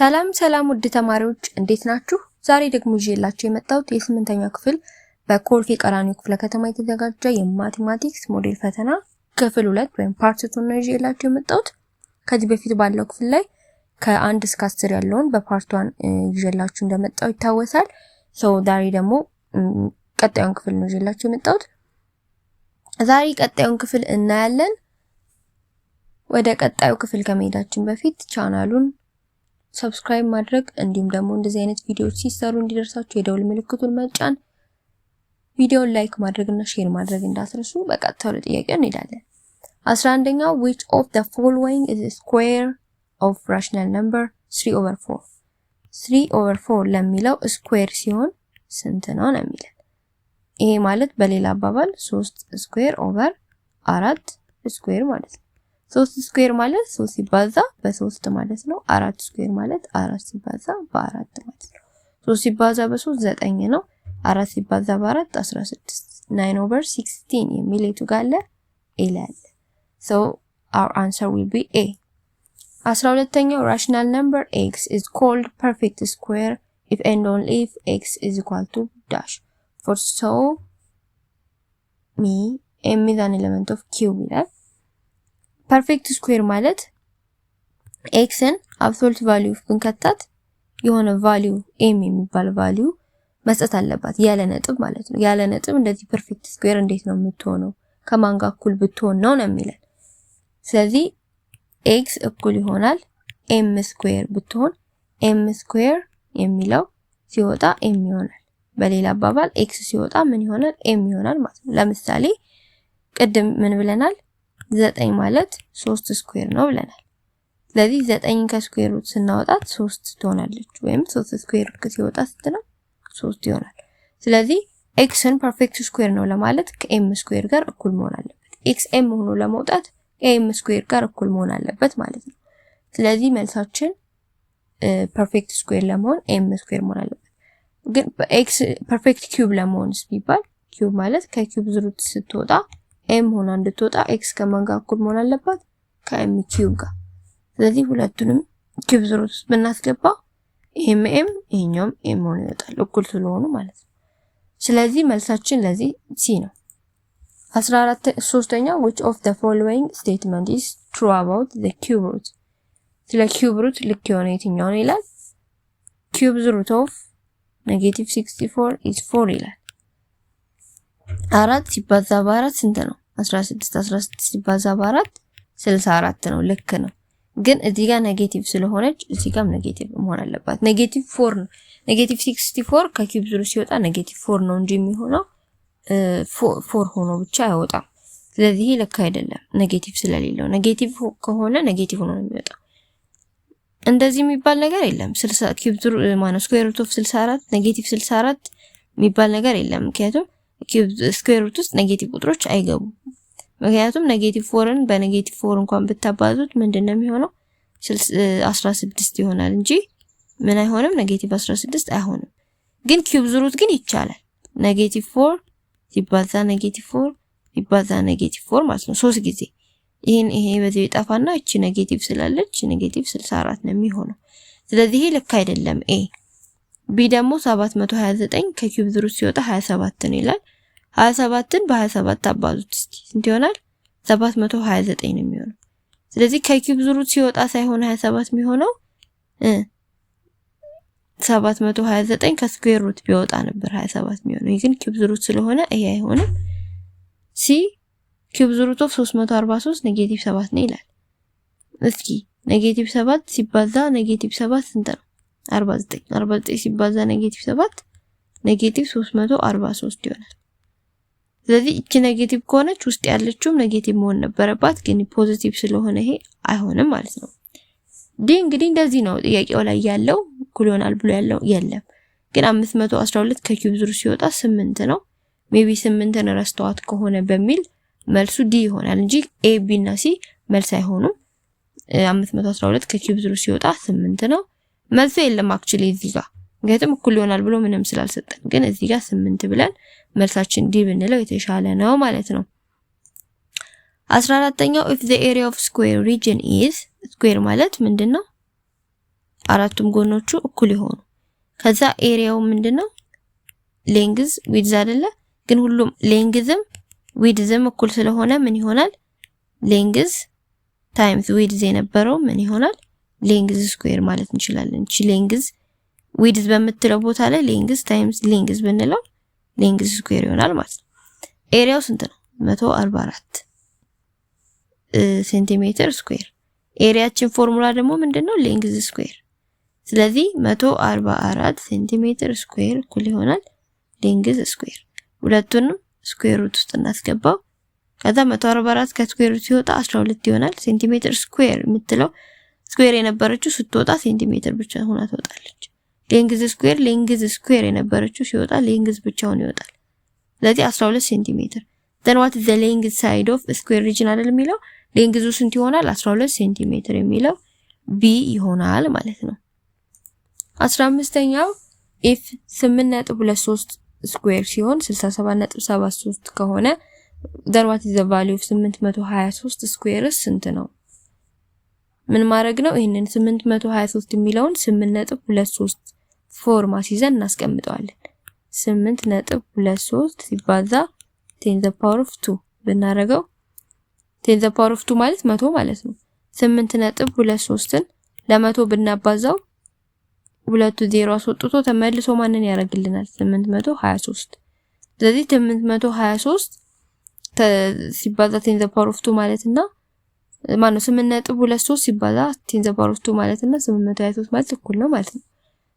ሰላም ሰላም ውድ ተማሪዎች እንዴት ናችሁ? ዛሬ ደግሞ ይዤላችሁ የመጣሁት የስምንተኛ ክፍል በኮልፌ ቀራኒዮ ክፍለ ከተማ የተዘጋጀ የማቴማቲክስ ሞዴል ፈተና ክፍል ሁለት ወይም ፓርት ቱ ነው ይዤላችሁ የመጣሁት። ከዚህ በፊት ባለው ክፍል ላይ ከአንድ እስከ አስር ያለውን በፓርት ዋን ይዤላችሁ እንደመጣው ይታወሳል። ሰው ዛሬ ደግሞ ቀጣዩን ክፍል ነው ይዤላችሁ የመጣሁት። ዛሬ ቀጣዩን ክፍል እናያለን። ወደ ቀጣዩ ክፍል ከመሄዳችን በፊት ቻናሉን ሰብስክራይብ ማድረግ እንዲሁም ደግሞ እንደዚህ አይነት ቪዲዮዎች ሲሰሩ እንዲደርሳችሁ የደውል ምልክቱን መጫን፣ ቪዲዮውን ላይክ ማድረግና ሼር ማድረግ እንዳትረሱ። በቀጥታ ወደ ጥያቄው እንሄዳለን። አስራ አንደኛው which of the following is square of rational number 3 over 4 3 over 4 ለሚለው ስኩዌር ሲሆን ስንት ነው ነው የሚለን። ይሄ ማለት በሌላ አባባል 3 ስኩዌር ኦቨር አራት ስኩዌር ማለት ነው። ሶስት ስኩዌር ማለት ሶስት ሲባዛ በሶስት ማለት ነው። አራት ስኩዌር ማለት አራት ሲባዛ በአራት ማለት ነው። ሶስት ሲባዛ በሶስት ዘጠኝ ነው። አራት ሲባዛ በአራት 16 ናይን ኦቨር 16 የሚል የቱ ጋር አለ? ኤ ላይ አለ። ሶ አወር አንሰር ዊል ቢ ኤ። አስራ ሁለተኛው ራሽናል ነምበር ኤክስ ኢዝ ኮልድ ፐርፌክት ስኩዌር ኢፍ ኤንድ ኦንሊ ኢፍ ኤክስ ኢዝ ኢኳል ቱ ዳሽ ፎር ሶ ሚ ኤም ኢዝ አን ኤሌመንት ኦፍ ኪው ይላል ፐርፌክት ስኩዌር ማለት ኤክስን አብሶሉት ቫሊዩ ብንከታት የሆነ ቫሊዩ ኤም የሚባል ቫሊዩ መስጠት አለባት ያለ ነጥብ ማለት ነው። ያለ ነጥብ እንደዚህ ፐርፌክት ስኩዌር እንዴት ነው የምትሆነው? ከማን ጋር እኩል ብትሆን ነው ነው የሚለን። ስለዚህ ኤክስ እኩል ይሆናል ኤም ስኩዌር ብትሆን ኤም ስኩዌር የሚለው ሲወጣ ኤም ይሆናል። በሌላ አባባል ኤክስ ሲወጣ ምን ይሆናል? ኤም ይሆናል ማለት ነው። ለምሳሌ ቅድም ምን ብለናል? ዘጠኝ ማለት ሶስት ስኩዌር ነው ብለናል። ስለዚህ ዘጠኝን ከስኩዌር ሩት ስናወጣት ሶስት ትሆናለች። ወይም ሶስት ስኩዌር ሩት ሲወጣ ስትነው ሶስት ይሆናል። ስለዚህ ኤክስን ፐርፌክት ስኩዌር ነው ለማለት ከኤም ስኩዌር ጋር እኩል መሆን አለበት። ኤክስ ኤም ሆኖ ለመውጣት ከኤም ስኩዌር ጋር እኩል መሆን አለበት ማለት ነው። ስለዚህ መልሳችን ፐርፌክት ስኩዌር ለመሆን ኤም ስኩዌር መሆን አለበት። ግን ኤክስ ፐርፌክት ኪዩብ ለመሆንስ ቢባል ኪዩብ ማለት ከኪዩብ ሩት ስትወጣ ኤም ሆና እንድትወጣ ኤክስ ከማን ጋር እኩል መሆን አለባት? ከኤም ኪዩብ ጋር። ስለዚህ ሁለቱንም ኪዩብ ዙር ውስጥ ብናስገባ ኤም ኤም ይሄኛውም ኤም ሆኖ ይወጣል፣ እኩል ስለሆኑ ማለት ነው። ስለዚህ መልሳችን ለዚህ ሲ ነው። 14 አራት ሶስተኛው which of the following statement is true about the cube root ስለ cube root ልክ የሆነ የትኛው ነው ይላል። cubes root of negative 64 is 4 ይላል። አራት ሲባዛ በአራት ስንት ነው? 16 16 ሲባዛ በአራት 64 ነው። ልክ ነው። ግን እዚህ ጋር ኔጌቲቭ ስለሆነች እዚህ ጋርም ኔጌቲቭ መሆን አለባት። ኔጌቲቭ 4 ነው። ኔጌቲቭ 64 ከኪዩብ ዙሩ ሲወጣ ኔጌቲቭ 4 ነው እንጂ የሚሆነው ፎር ሆኖ ብቻ አይወጣም። ስለዚህ ልክ አይደለም፣ ኔጌቲቭ ስለሌለው። ኔጌቲቭ ከሆነ ኔጌቲቭ ሆኖ ነው የሚወጣው። እንደዚህ የሚባል ነገር የለም። 60 ኪዩብ ዙሩ ማነው ስኩዌር ሩት ኦፍ 64 ኔጌቲቭ 64 የሚባል ነገር የለም ምክንያቱም ስኩዌር ሩት ውስጥ ኔጌቲቭ ቁጥሮች አይገቡም። ምክንያቱም ኔጌቲቭ ፎርን በኔጌቲቭ ፎር እንኳን ብታባዙት ምንድን ነው የሚሆነው? 16 ይሆናል እንጂ ምን አይሆንም፣ ኔጌቲቭ 16 አይሆንም። ግን ኪዩብ ሩት ግን ይቻላል። ኔጌቲቭ ፎር ሲባዛ ኔጌቲቭ ፎር ሲባዛ ኔጌቲቭ ፎር ማለት ነው ሶስት ጊዜ ይህን ይሄ በዚህ ይጠፋና እቺ ኔጌቲቭ ስላለች ኔጌቲቭ 64 ነው የሚሆነው። ስለዚህ ይሄ ልክ አይደለም ኤ ቢ ደግሞ 729 ከኪዩብ ሩት ሲወጣ 27 ነው ይላል። 27ን በ27 አባዙት እስኪ ስንት ይሆናል? 729 ነው የሚሆነው። ስለዚህ ከኪዩብ ሩት ሲወጣ ሳይሆን 27 የሚሆነው 729 ከስኩዌር ሩት ቢወጣ ነበር 27 የሚሆነው። ይህ ግን ኪዩብ ሩት ስለሆነ ይሄ አይሆንም። ሲ ኪዩብ ሩት ኦፍ 343 ኔጌቲቭ 7 ነው ይላል። እስኪ ኔጌቲቭ 7 ሲባዛ ኔጌቲቭ 7 ስንት ነው? 49 49 ሲባዛ ኔጌቲቭ 7 ኔጌቲቭ 343 ይሆናል። ስለዚህ እቺ ኔጌቲቭ ከሆነች ውስጥ ያለችውም ኔጌቲቭ መሆን ነበረባት፣ ግን ፖዚቲቭ ስለሆነ ይሄ አይሆንም ማለት ነው። ዲ እንግዲህ እንደዚህ ነው ጥያቄው ላይ ያለው ኩሎናል ብሎ ያለው የለም። ግን 512 ከኪዩብ ዙር ሲወጣ 8 ነው። ሜቢ 8 ነው ረስተዋት ከሆነ በሚል መልሱ ዲ ይሆናል እንጂ ኤ ቢ እና ሲ መልስ አይሆኑም። 512 ከኪዩብ ዙር ሲወጣ 8 ነው። መልሶ የለም አክቹሊ እዚህ ጋር ምክንያቱም እኩል ይሆናል ብሎ ምንም ስላልሰጠን፣ ግን እዚህ ጋር ስምንት ብለን መልሳችን ዲ ብንለው የተሻለ ነው ማለት ነው። አስራ አራተኛው ኢፍ ዘ ኤሪያ ኦፍ ስኩዌር ሪጅን ኢዝ ስኩዌር ማለት ምንድን ነው? አራቱም ጎኖቹ እኩል የሆኑ ከዛ ኤሪያው ምንድን ነው? ሌንግዝ ዊድዝ አይደለ? ግን ሁሉም ሌንግዝም ዊድዝም እኩል ስለሆነ ምን ይሆናል? ሌንግዝ ታይምስ ዊድዝ የነበረው ምን ይሆናል? ሌንግዝ ስኩዌር ማለት እንችላለን። እቺ ሌንግዝ ዊድዝ በምትለው ቦታ ላይ ሌንግዝ ታይምስ ሌንግዝ ብንለው ሌንግዝ ስኩዌር ይሆናል ማለት ነው። ኤሪያው ስንት ነው? 144 ሴንቲሜትር ስኩዌር። ኤሪያችን ፎርሙላ ደግሞ ምንድነው? ሌንግዝ ስኩዌር። ስለዚህ 144 ሴንቲሜትር ስኩዌር እኩል ይሆናል ሌንግዝ ስኩዌር። ሁለቱንም ስኩዌር ሩት ውስጥ እናስገባው። ከዛ 144 ከስኩዌር ሩት ሲወጣ 12 ይሆናል። ሴንቲሜትር ስኩዌር የምትለው ስኩዌር የነበረችው ስትወጣ ሴንቲሜትር ብቻ ሆና ትወጣለች። ሌንግዝ ስኩዌር ሌንግዝ ስኩዌር የነበረችው ሲወጣ ሌንግዝ ብቻውን ይወጣል። ስለዚህ 12 ሴንቲሜትር then ዋት ዘ ሌንግዝ ሳይድ ኦፍ ስኩዌር square አይደል የሚለው ሌንግዙ ስንት ይሆናል? 12 ሴንቲሜትር የሚለው ቢ ይሆናል ማለት ነው። 15ኛው ኢፍ 8.23 ስኩዌር ሲሆን 67.73 ከሆነ then ዋት ዘ ቫልዩ ኦፍ 823 ስኩዌርስ ስንት ነው? ምን ማድረግ ነው? ይህንን 823 የሚለውን 8.23 ፎርማ ሲዘን እናስቀምጠዋለን። 8.23 ሲባዛ 10 ዘ ፓወር ኦፍ 2 ብናረገው 10 ዘ ፓወር ኦፍ 2 ማለት መቶ ማለት ነው። 8.23ን ለመቶ ብናባዛው ሁለቱ ዜሮ አስወጥቶ ተመልሶ ማንን ያደርግልናል? 823 ስለዚህ 823 ሲባዛ 10 ዘ ፓወር ኦፍ 2 ማለት እና ማነው ስምንት ነጥብ ሁለት ሶስት ሲባዛ ቴን ዘ ማለት እና ስምንት መቶ ሀያ ሶስት ማለት እኩል ነው ማለት ነው።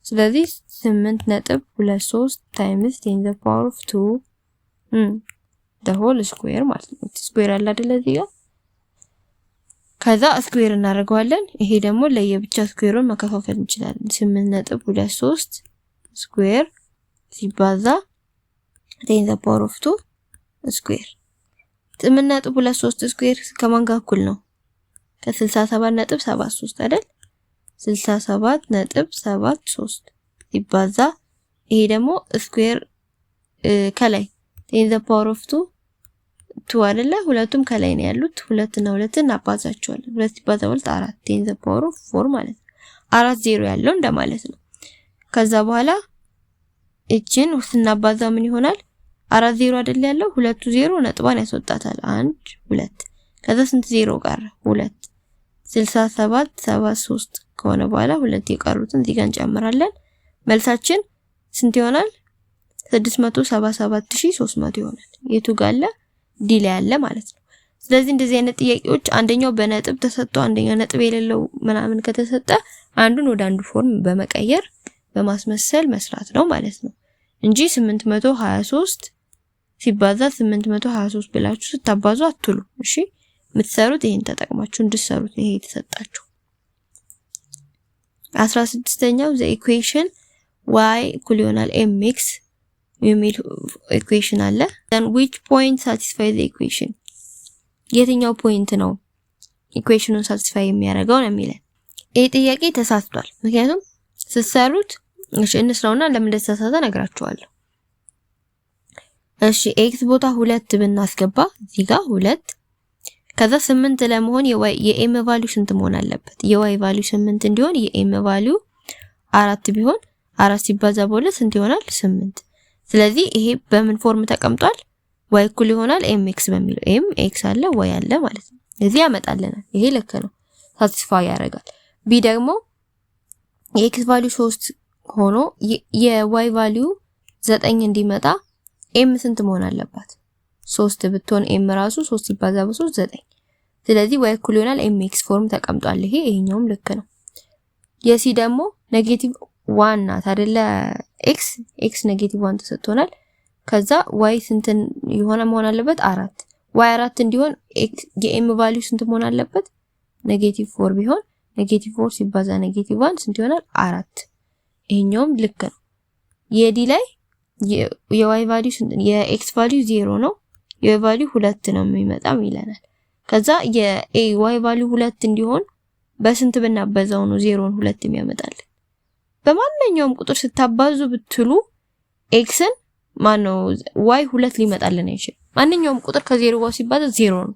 ስለዚህ ስምንት ነጥብ ሁለት ሶስት ታይምስ ቴን ፓወር ኦፍ ቱ ደሆል ስኩዌር ማለት ነው። ስኩዌር አለ አይደለ እዚህ ጋር ከዛ ስኩዌር እናደርገዋለን። ይሄ ደግሞ ለየብቻ ስኩዌሩን መከፋፈል እንችላለን። ስምንት ነጥብ ሁለት ሶስት ስኩዌር ሲባዛ ቴን ዘ ፓወር ኦፍ ቱ ስኩዌር ስምንት ነጥብ ሁለት ሶስት ስኩዌር ከማን ጋር እኩል ነው? ከ67 ነጥብ 73 አይደል? 67 ነጥብ 73 ሲባዛ ይሄ ደግሞ ስኩዌር ከላይ ቴን ዘ ፓወር ኦፍ ቱ ቱ አይደለ? ሁለቱም ከላይ ነው ያሉት። ሁለት እና ሁለትን እናባዛቸዋለን። ሁለት ሲባዛ ሁለት አራት፣ ቴን ዘ ፓወር ኦፍ ፎር ማለት ነው። አራት ዜሮ ያለው እንደማለት ነው። ከዛ በኋላ እችን ስናባዛ ምን ይሆናል? አራት ዜሮ አይደል ያለው? ሁለቱ ዜሮ ነጥቧን ያስወጣታል። አንድ ሁለት ከዛ ስንት ዜሮ ቀረ? ሁለት 67 73 ከሆነ በኋላ ሁለት የቀሩትን እዚህ ጋር እንጨምራለን። መልሳችን ስንት ይሆናል? 677300 ይሆናል። የቱ ጋር አለ? ዲ ላይ አለ ማለት ነው። ስለዚህ እንደዚህ አይነት ጥያቄዎች አንደኛው በነጥብ ተሰጥቶ አንደኛው ነጥብ የሌለው ምናምን ከተሰጠ አንዱን ወደ አንዱ ፎርም በመቀየር በማስመሰል መስራት ነው ማለት ነው እንጂ 823 ሲባዛ 823 ብላችሁ ስታባዙ አትሉ። እሺ የምትሰሩት ይሄን ተጠቅማችሁ እንድትሰሩት ይሄ የተሰጣችሁ። አስራ ስድስተኛው ዘ ኢኩዌሽን ዋይ እኩል ይሆናል ኤም ኤክስ የሚል ኢኩዌሽን አለ። ዘን ዊች ፖይንት ሳቲስፋይ ዘ ኢኩዌሽን፣ የትኛው ፖይንት ነው ኢኩዌሽኑን ሳቲስፋይ የሚያደርገው ነው የሚለን። ይህ ጥያቄ ተሳስቷል። ምክንያቱም ስትሰሩት እሺ እንስራውና ለምን እንደተሳሳተ ነግራችኋለሁ። እሺ ኤክስ ቦታ ሁለት ብናስገባ እዚህ ጋር ሁለት ከዛ ስምንት ለመሆን የኤም ቫልዩ ስንት መሆን አለበት? የዋይ ቫልዩ ስምንት እንዲሆን የኤም ቫልዩ አራት ቢሆን አራት ሲባዛ በሁለት ስንት ይሆናል? ስምንት። ስለዚህ ይሄ በምን ፎርም ተቀምጧል? ዋይ እኩል ይሆናል ኤም ኤክስ በሚለው ኤም ኤክስ አለ ዋይ አለ ማለት ነው። እዚህ ያመጣልናል። ይሄ ልክ ነው፣ ሳቲስፋይ ያደርጋል። ቢ ደግሞ የኤክስ ቫልዩ ሶስት ሆኖ የዋይ ቫልዩ ዘጠኝ እንዲመጣ ኤም ስንት መሆን አለባት? ሶስት ብትሆን ኤም ራሱ ሶስት ሲባዛ በሶስት ዘጠኝ። ስለዚህ ወይ እኩል ይሆናል ኤም ኤክስ ፎርም ተቀምጧል። ይሄ ይሄኛውም ልክ ነው። የሲ ደግሞ ኔጌቲቭ ዋን ናት አይደለ? ኤክስ ኤክስ ኔጌቲቭ ዋን ተሰጥቶናል። ከዛ ዋይ ስንት የሆነ መሆን አለበት? አራት ዋይ አራት እንዲሆን የኤም ቫሊዩ ስንት መሆን አለበት? ኔጌቲቭ ፎር ቢሆን ኔጌቲቭ ፎር ሲባዛ ኔጌቲቭ ዋን ስንት ይሆናል? አራት ይሄኛውም ልክ ነው። የዲ ላይ የዋይ ቫሊዩ የኤክስ ቫልዩ ዜሮ ነው። የዋይ ቫሊዩ ሁለት ነው የሚመጣም ይለናል። ከዛ የኤ ዋይ ቫልዩ ሁለት እንዲሆን በስንት ብናበዛው ነው ዜሮን ሁለት የሚያመጣልን? በማንኛውም ቁጥር ስታባዙ ብትሉ ኤክስን ማነው ዋይ ሁለት ሊመጣልን አይችልም። ማንኛውም ቁጥር ከዜሮ ጋር ሲባዛ ዜሮ ነው።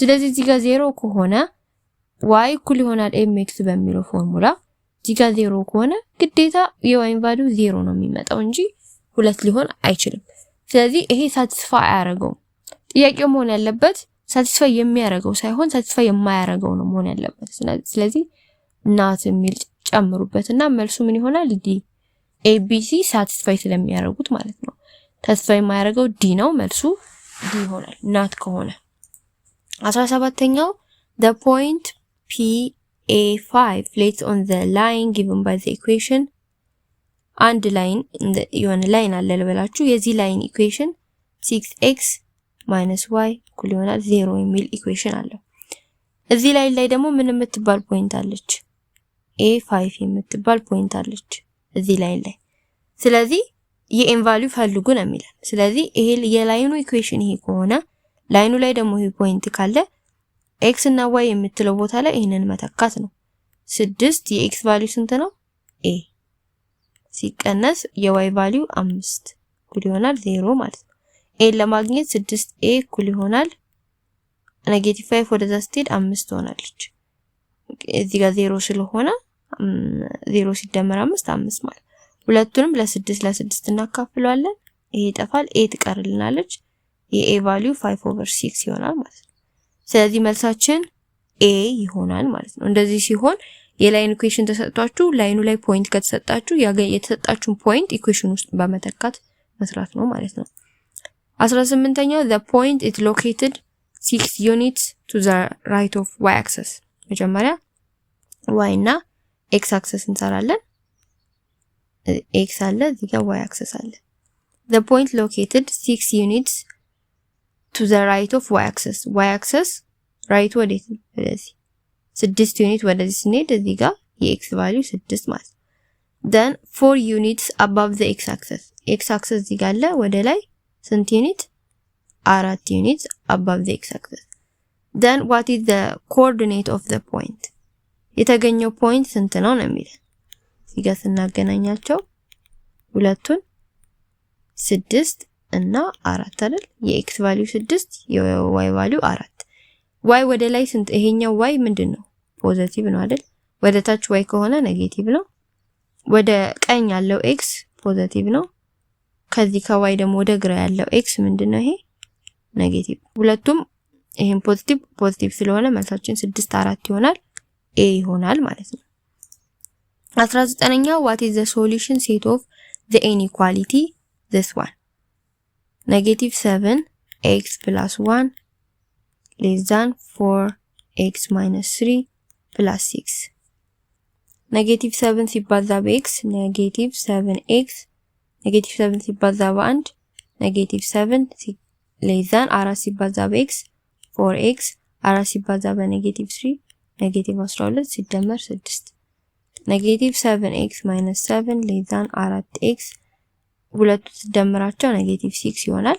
ስለዚህ እዚህ ጋር ዜሮ ከሆነ ዋይ እኩል ይሆናል ኤክስ በሚለው ፎርሙላ እዚህ ጋር ዜሮ ከሆነ ግዴታ የዋይን ቫልዩ ዜሮ ነው የሚመጣው እንጂ ሁለት ሊሆን አይችልም። ስለዚህ ይሄ ሳትስፋ አያደርገውም። ጥያቄው መሆን ያለበት ሳቲስፋይ የሚያደርገው ሳይሆን ሳቲስፋይ የማያደርገው ነው መሆን ያለበት። ስለዚህ ናት የሚል ጨምሩበት እና መልሱ ምን ይሆናል? ዲ ኤቢሲ ሳቲስፋይ ስለሚያደርጉት ማለት ነው። ሳቲስፋይ የማያደርገው ዲ ነው፣ መልሱ ዲ ይሆናል ናት ከሆነ። አስራ ሰባተኛው the point p a 5 lays on the line given by the equation አንድ ላይን የሆነ ላይን አለ ልበላችሁ የዚህ ላይን ኢኩዌሽን 6x ማይነስ ዋይ እኩል ይሆናል ዜሮ የሚል ኢኩዌሽን አለው። እዚህ ላይ ላይ ደግሞ ምን የምትባል ፖይንት አለች? ኤ ፋይቭ የምትባል ፖይንት አለች እዚህ ላይ ላይ። ስለዚህ የኤን ቫልዩ ፈልጉ ነው የሚለን። ስለዚህ ይሄ የላይኑ ኢኩዌሽን ይሄ ከሆነ ላይኑ ላይ ደግሞ ይሄ ፖይንት ካለ ኤክስ እና ዋይ የምትለው ቦታ ላይ ይሄንን መተካት ነው። ስድስት የኤክስ ቫልዩ ስንት ነው? ኤ ሲቀነስ የዋይ ቫልዩ አምስት እኩል ይሆናል ዜሮ ማለት ነው። ኤን ለማግኘት ስድስት ኤ እኩል ይሆናል ኔጌቲቭ 5 ወደዛ ስትሄድ አምስት ትሆናለች። እዚህ ጋር 0 ስለሆነ 0 ሲደመር 5 5 ማለት ሁለቱንም ለስድስት ለስድስት እናካፍለዋለን። ይሄ ይጠፋል፣ ኤ ትቀርልናለች። የኤ ቫልዩ 5 ኦቨር 6 ይሆናል ማለት ነው። ስለዚህ መልሳችን ኤ ይሆናል ማለት ነው። እንደዚህ ሲሆን የላይን ኢኩዌሽን ተሰጥቷችሁ ላይኑ ላይ ፖይንት ከተሰጣችሁ የተሰጣችሁን ፖይንት ኢኩዌሽን ውስጥ በመተካት መስራት ነው ማለት ነው። 18ኛው the point is located 6 units to the right of y axis መጀመሪያ y እና x axis እንሰራለን። x አለ እዚህ ጋር y axis አለ። the point located 6 units to the right of y axis y axis right ወዴት ነው? ወደዚህ 6 ዩኒት ወደዚህ ስንሄድ እዚህ ጋር የx ቫልዩ 6 ማለት then 4 units above the x axis x axis እዚህ ጋር አለ ወደ ላይ ስንት ዩኒት አራት ዩኒት አባብ ዘ ኤክስ አክሰስ ደን ዋት ኢዝ ዘ ኮኦርዲኔት ኦፍ ዘ ፖይንት የተገኘው ፖይንት ስንት ነው ነው የሚለን እዚጋ ስናገናኛቸው ሁለቱን ስድስት እና አራት አይደል የኤክስ ቫልዩ ስድስት የዋይ ቫልዩ አራት ዋይ ወደ ላይ ስንት ይሄኛው ዋይ ምንድን ነው ፖዘቲቭ ነው አይደል ወደ ታች ዋይ ከሆነ ኔጌቲቭ ነው ወደ ቀኝ ያለው ኤክስ ፖዘቲቭ ነው ከዚህ ከዋይ ደግሞ ወደ ግራ ያለው ኤክስ ምንድነው? ይሄ ኔጌቲቭ። ሁለቱም ይሄን ፖዚቲቭ ፖዚቲቭ ስለሆነ መልሳችን ስድስት 4 ይሆናል። ኤ ይሆናል ማለት ነው። 19 19ኛው ዋት ኢዝ ዘ ሶሉሽን ሴት ኦፍ ዘ ኢንኢኳሊቲ ዚስ ዋን ኔጌቲቭ 7 ኤክስ ፕላስ ዋን ሌስ ዛን 4 ኤክስ ማይነስ 3 ፕላስ 6 ኔጌቲቭ 7 ሲባዛ በኤክስ ኔጌቲቭ 7 ኤክስ ኔጌቲቭ 7 ሲባዛ በ1 ኔጌቲቭ 7 ሌዛን 4 ሲባዛ በኤክስ 4ኤክስ 4 ሲባዛ በኔጌቲቭ 3 ኔጌቲቭ 12 ሲደመር 6 ኔጌቲቭ 7ኤክስ ማይነስ 7 ሌዛን 4ኤክስ ሁለቱ ሲደምራቸው ኔጌቲቭ 6 ይሆናል።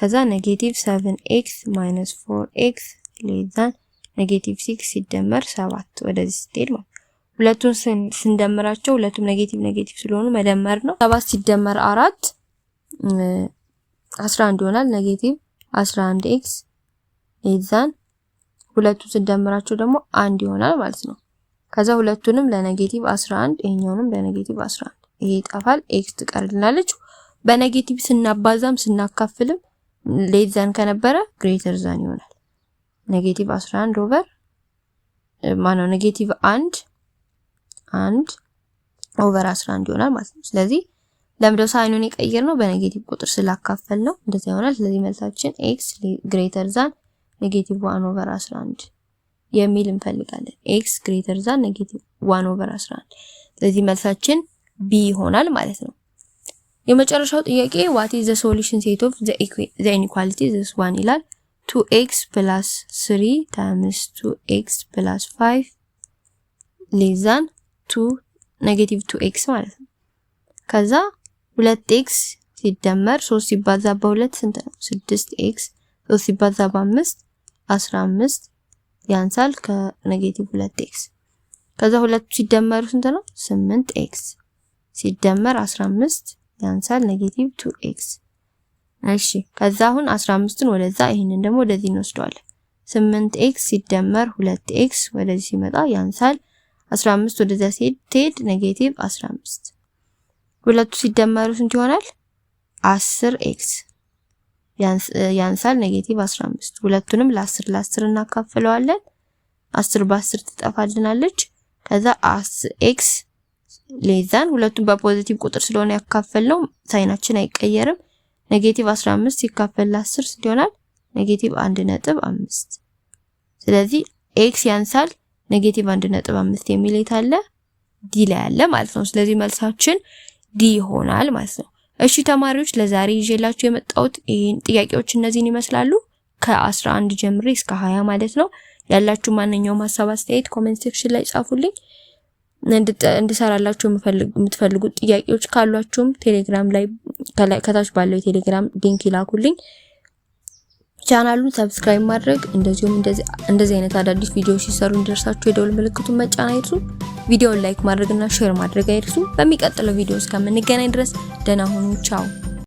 ከዛ ኔጌቲቭ 7ኤክስ ማይነስ 4ኤክስ ሌዛን ኔጌቲቭ 6 ሲደመር 7 ወደዚህ ስትሄድ ማለት ሁለቱን ስንደምራቸው ሁለቱም ኔጌቲቭ ኔጌቲቭ ስለሆኑ መደመር ነው። ሰባት ሲደመር አራት አስራ አንድ ይሆናል። ኔጌቲቭ አስራ አንድ ኤክስ ይዛን ሁለቱን ስንደምራቸው ደግሞ አንድ ይሆናል ማለት ነው። ከዛ ሁለቱንም ለኔጌቲቭ አስራ አንድ ይሄኛውንም ለኔጌቲቭ አስራ አንድ ይሄ ይጣፋል። ኤክስ ትቀርልናለች። በኔጌቲቭ ስናባዛም ስናካፍልም ሌዛን ከነበረ ግሬተር ዛን ይሆናል። ኔጌቲቭ አስራ አንድ ኦቨር ማነው ኔጌቲቭ አንድ አንድ ኦቨር 11 ይሆናል ማለት ነው። ስለዚህ ለምደው ሳይኑን የቀየር ነው በኔጌቲቭ ቁጥር ስላካፈል ነው እንደዚህ ይሆናል። ስለዚህ መልሳችን ኤክስ ግሬተር ዛን ኔጌቲቭ 1 ኦቨር 11 የሚል እንፈልጋለን። ኤክስ ግሬተር ዛን ኔጌቲቭ 1 ኦቨር 11 ስለዚህ መልሳችን ቢ ይሆናል ማለት ነው። የመጨረሻው ጥያቄ ዋት ኢዝ ዘ ሶሉሽን ሴት ኦፍ ዘ ኢንኢኳሊቲ ዚስ ዋን ይላል 2x ፕላስ 3 ታይምስ 2x ፕላስ 5 ሌዛን ቱ ኔጌቲቭ ቱ ኤክስ ማለት ነው። ከዛ ሁለት ኤክስ ሲደመር ሶስት ሲባዛ በሁለት ስንት ነው? ስድስት ኤክስ ሶስት ሲባዛ በአምስት አስራ አምስት ያንሳል ከኔጌቲቭ ሁለት ኤክስ። ከዛ ሁለቱ ሲደመሩ ስንት ነው? ስምንት ኤክስ ሲደመር አስራ አምስት ያንሳል ኔጌቲቭ ቱ ኤክስ። እሺ ከዛ አሁን 15ን ወደዛ ይሄንን ደግሞ ወደዚህ እንወስደዋለን። ስምንት ኤክስ ሲደመር ሁለት ኤክስ ወደዚህ ሲመጣ ያንሳል 15 ወደዚያ ሲሄድ ኔጌቲቭ 15 ሁለቱ ሲደመሩ ስንት ይሆናል? 10 ኤክስ ያንሳል ኔጌቲቭ 15። ሁለቱንም ለ10 ለ10 እናካፍለዋለን። 10 በ10 ትጠፋልናለች። ከዛ ኤክስ ሌዛን ሁለቱም በፖዚቲቭ ቁጥር ስለሆነ ያካፈልነው ሳይናችን አይቀየርም። ኔጌቲቭ 15 ሲካፈል ለ10 ስንት ይሆናል? ኔጌቲቭ 1 ስለዚህ ኤክስ ያንሳል ኔጌቲቭ 1.5 የሚል የት አለ? ዲ ላይ አለ ማለት ነው። ስለዚህ መልሳችን ዲ ይሆናል ማለት ነው። እሺ ተማሪዎች ለዛሬ ይዤላችሁ የመጣሁት ይሄን ጥያቄዎች እነዚህን ይመስላሉ። ከ11 ጀምሬ እስከ 20 ማለት ነው። ያላችሁ ማንኛውም ሀሳብ አስተያየት ኮሜንት ሴክሽን ላይ ጻፉልኝ። እንድሰራላችሁ የምትፈልጉት ጥያቄዎች ካሏችሁም ቴሌግራም ላይ ከታች ባለው የቴሌግራም ሊንክ ይላኩልኝ። ቻናሉን ሰብስክራይብ ማድረግ እንደዚሁም እንደዚህ አይነት አዳዲስ ቪዲዮዎች ሲሰሩ እንዲደርሳችሁ የደውል ምልክቱን መጫን አይርሱ። ቪዲዮውን ላይክ ማድረግና ሼር ማድረግ አይርሱ። በሚቀጥለው ቪዲዮ እስከምንገናኝ ድረስ ደህና ሁኑ። ቻው